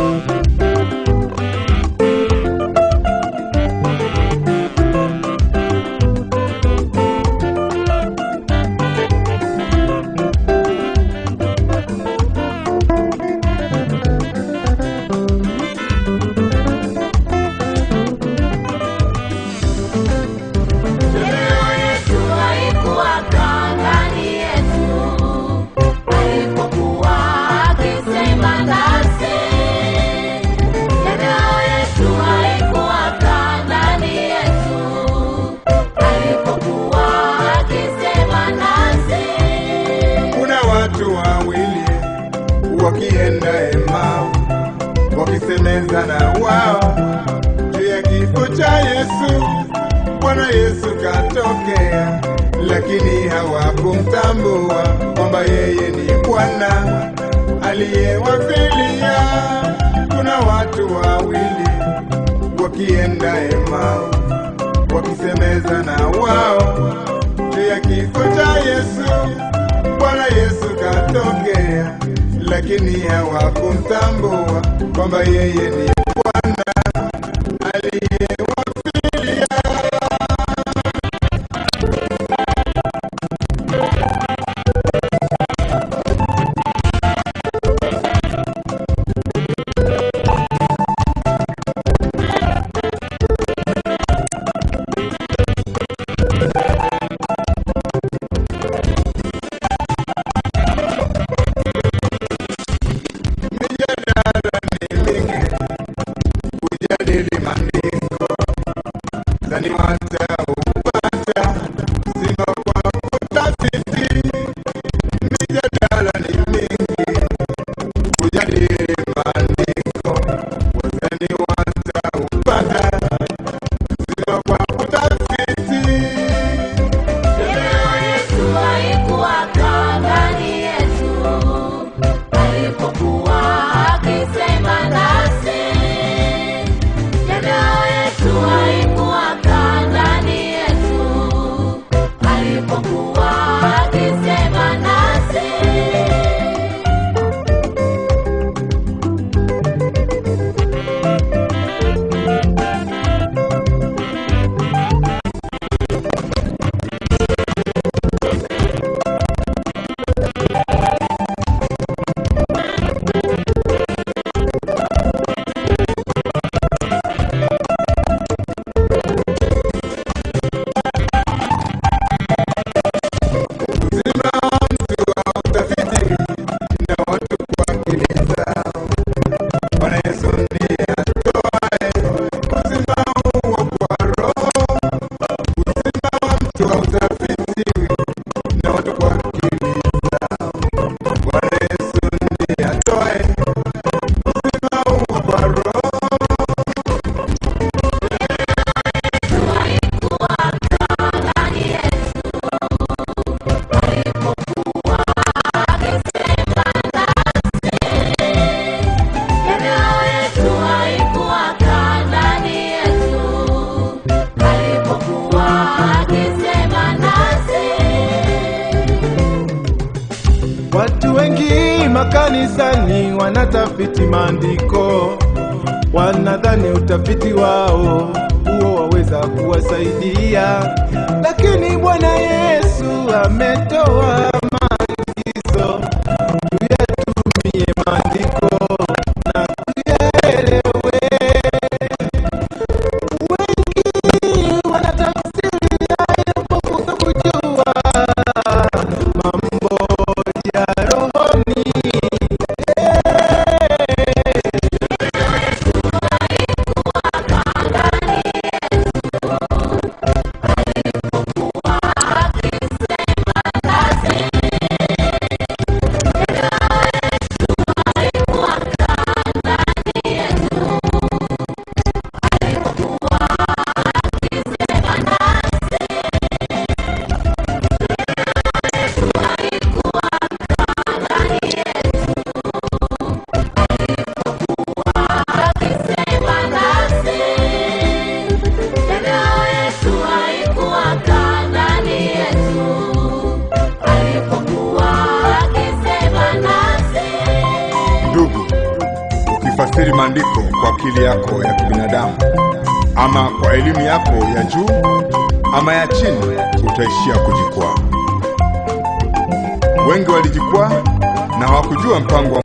Thank you. Yesu, Bwana Yesu katokea, lakini hawakumtambua kwamba yeye ni Bwana aliyewafilia. Kuna watu wawili wakienda emao wakisemeza na wao juu ya kifo cha Yesu. Bwana Yesu katokea, lakini hawakumtambua kwamba yeye ni Watu wengi makanisani wanatafiti maandiko, wanadhani utafiti wao huo waweza kuwasaidia, lakini Bwana Yesu ametoa ama ya chini, utaishia kujikwaa. Wengi walijikwaa na hawakujua mpango wa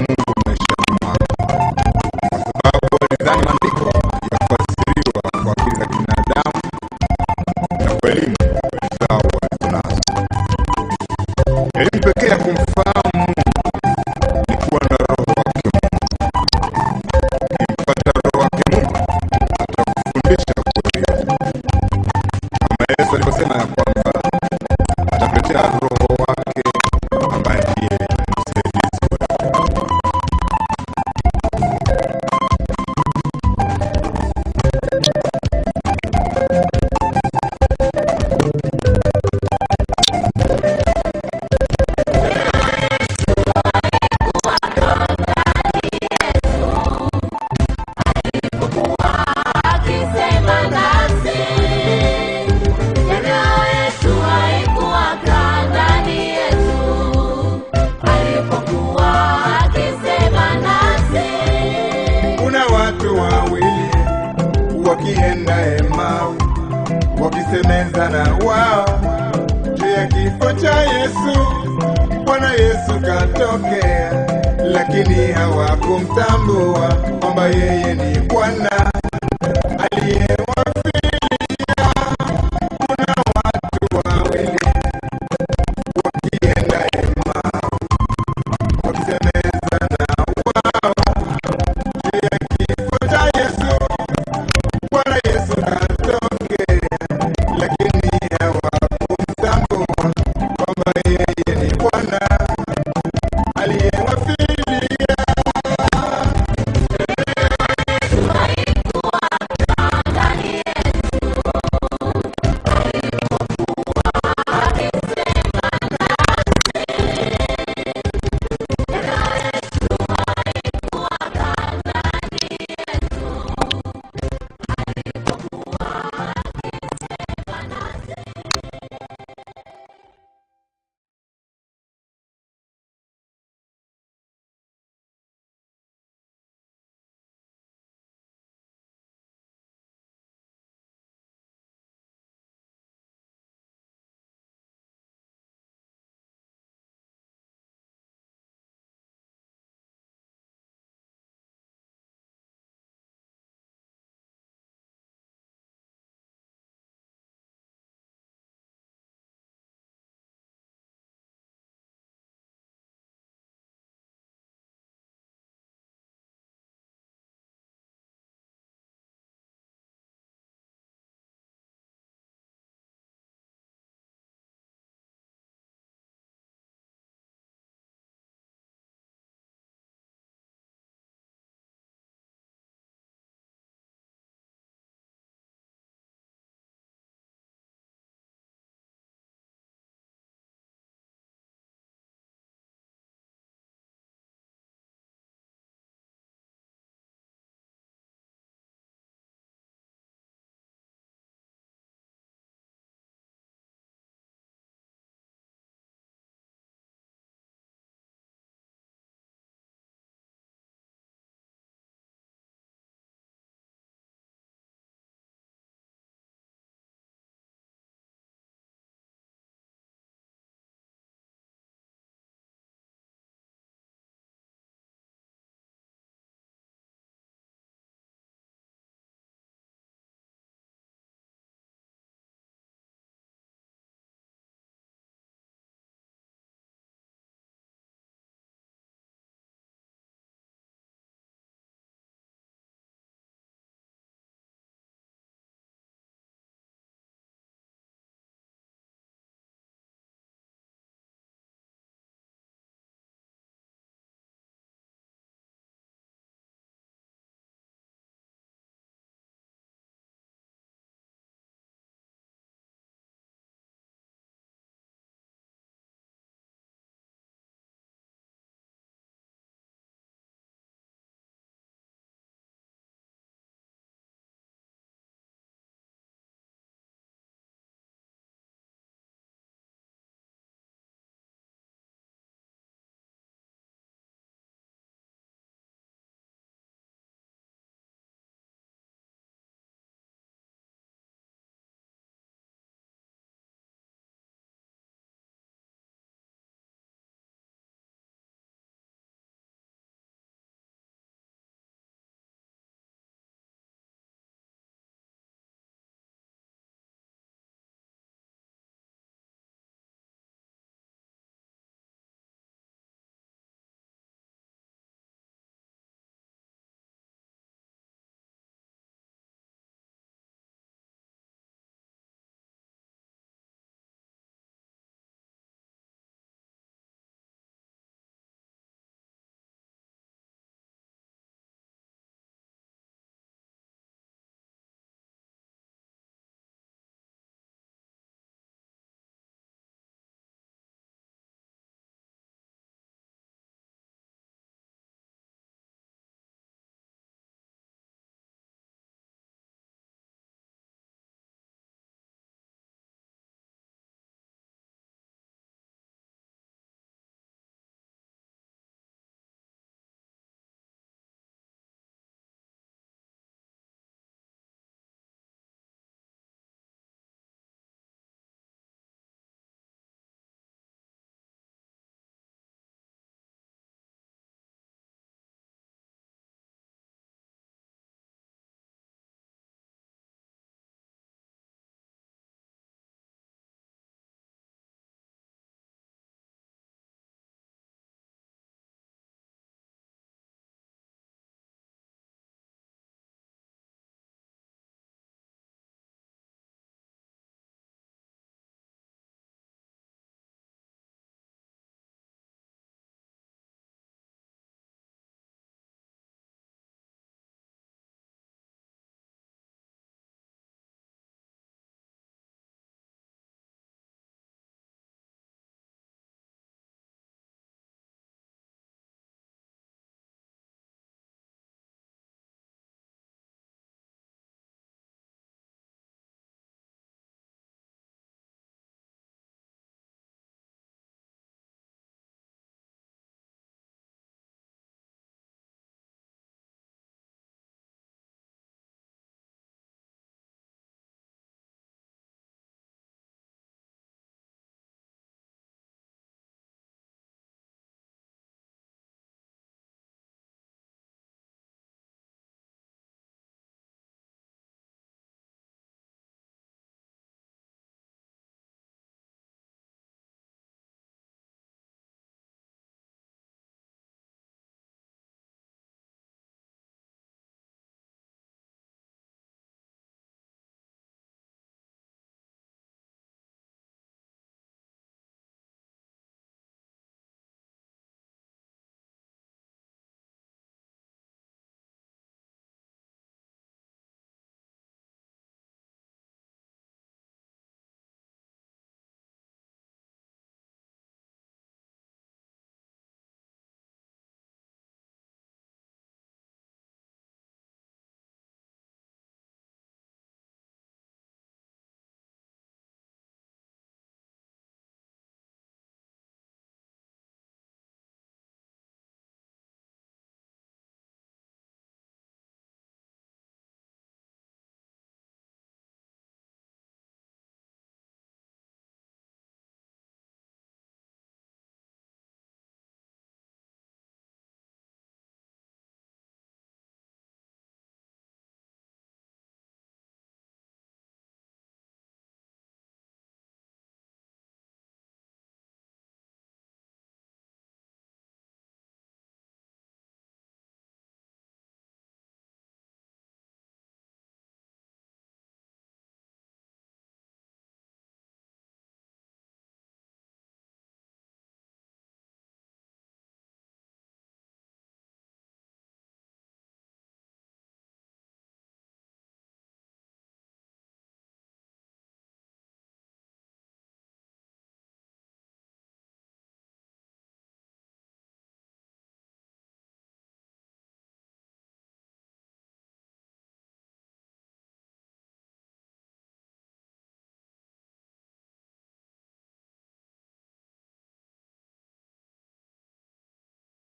Yesu, Bwana Yesu katokea, lakini hawakumtambua kwamba yeye ni Bwana.